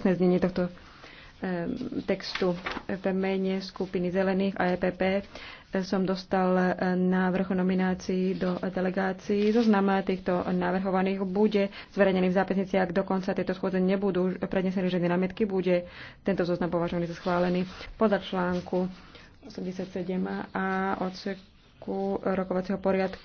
presné znenie tohto textu. V mene skupiny Zelených a EPP eh, som dostal eh, návrh nominácií do delegácií. Zoznam eh, týchto navrhovaných bude zverejnený v zápisnici, ak dokonca tieto schôdze nebudú prednesené žiadne námietky, bude tento zoznam považovaný za schválený podľa článku 87 a odseku rokovacieho poriadku.